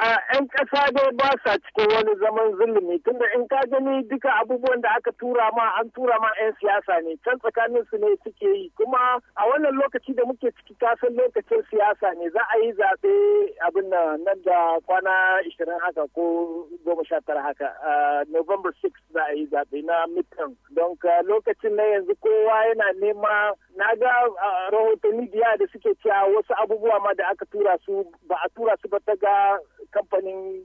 'yan ƙasa dai ba sa cikin wani zaman zulumi tunda in ka gani duka abubuwan da aka tura ma an tura ma 'yan siyasa ne can tsakanin su ne suke yi kuma a wannan lokaci da muke ciki kasan lokacin siyasa ne za a yi zaɓe abin nan nan da kwana 20 haka ko 19 haka November 6 za a yi zaɓe na midterm don lokacin na yanzu kowa yana nema na ga rahotanni biya da suke cewa wasu abubuwa ma da aka tura su ba a tura su ba ta ga kamfanin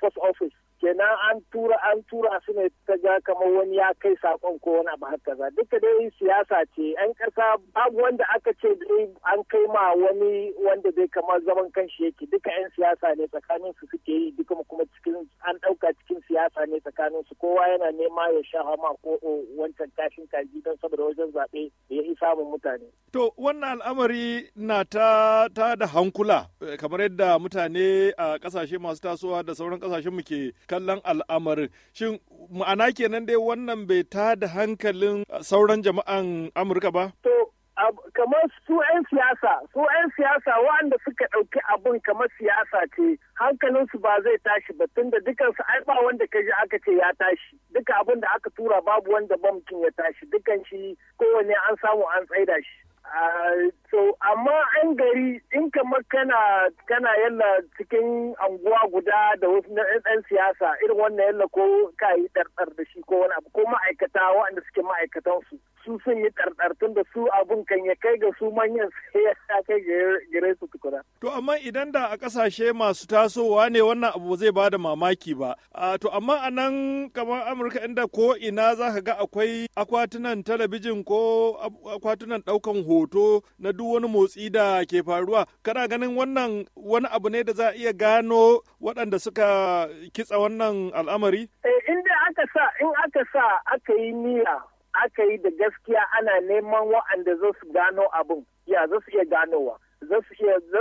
post office kenan an tura an tura su ne ta ga kamar wani ya kai sakon ko wani abu haka za duka dai siyasa ce yan kasa babu wanda aka ce dai an kai ma wani wanda dai kamar zaman kanshi yake duka yan siyasa ne tsakanin su suke yi duka kuma cikin an dauka cikin siyasa ne tsakanin su kowa yana nema ya sha hama ko wancan tashin kaji don saboda wajen zaɓe ya yi samun mutane. To wannan al'amari na ta ta da hankula eh, kamar yadda mutane a kasashe masu tasowa da sauran kasashen mu ke kallon al'amarin shin ma'ana kenan dai wannan bai ta da hankalin uh, sauran jama'an amurka ba to kamar su 'yan siyasa su 'yan siyasa waɗanda suka ɗauki abun kamar siyasa ce hankalinsu ba zai tashi ba tunda dukansu ai ba wanda ka ji aka ce ya tashi duka abin da aka tura babu wanda ba mutum ya tashi dukan shi kowane an samu an tsaida shi Ah, so amma an gari in kamar kana kana yalla cikin anguwa guda da wasu na ɗan siyasa irin wannan yalla ko ka yi ɗarɗar da shi ko wani abu ko ma'aikata waɗanda suke ma'aikatansu. sun yi tun da su abun kan ya kai ga su manyan sai ya kai gare su tukuna. To amma idan da a ƙasashe masu tasowa ne wannan abu zai ba da mamaki ba. To amma a nan kamar Amurka inda ko ina za ka ga akwai akwatunan talabijin ko akwatunan ɗaukan hoto na duk wani motsi da ke faruwa. Kana ganin wannan wani abu ne da za a iya gano waɗanda suka kitsa wannan al'amari? Eh, inda aka sa in aka sa aka yi niyya aka yi da gaskiya ana neman waɗanda za su gano abin ya za su iya ganowa za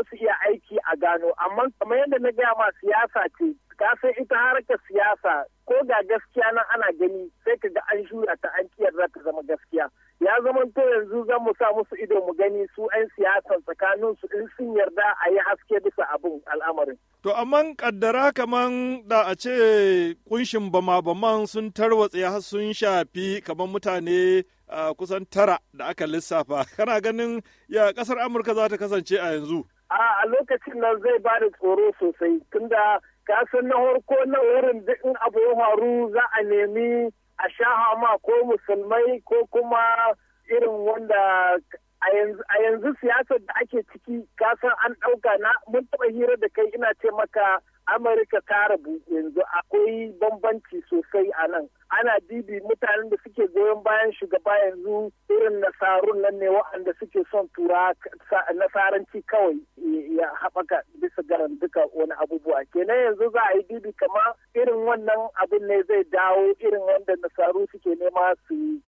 su iya aiki a gano amma kamar yadda na gaya ma siyasa ce kasan ita harkar siyasa ko ga gaskiya nan ana gani sai ka ga an shura ta an kiyar za ta zama gaskiya ya zamanto yanzu za mu sa musu ido mu gani su 'yan siyasan tsakanin su in sun yarda a yi haske bisa abin al'amarin. To amma kaddara kaman da a ce kunshin bama-baman sun tarwatse har sun shafi kamar mutane kusan tara da aka lissafa kana ganin ya kasar Amurka za ta kasance a yanzu? A lokacin nan zai ba da tsoro sosai tunda kasan na farko na wurin in abu ya faru za a nemi a sha hama ko musulmai ko kuma irin wanda a yanzu siyasar da ake ciki kasan an ɗauka na mun taɓa hira da kai ina ce maka amurka ta rabu yanzu akwai bambanci sosai a nan ana bibi mutanen da suke goyon bayan shugaba yanzu irin nasarun nan ne wa'anda suke son tura nasaranci kawai ya haɓaka bisa garan duka wani abubuwa kenan yanzu za a yi bibi kama irin wannan abin ne zai dawo irin wanda nasaru suke nema su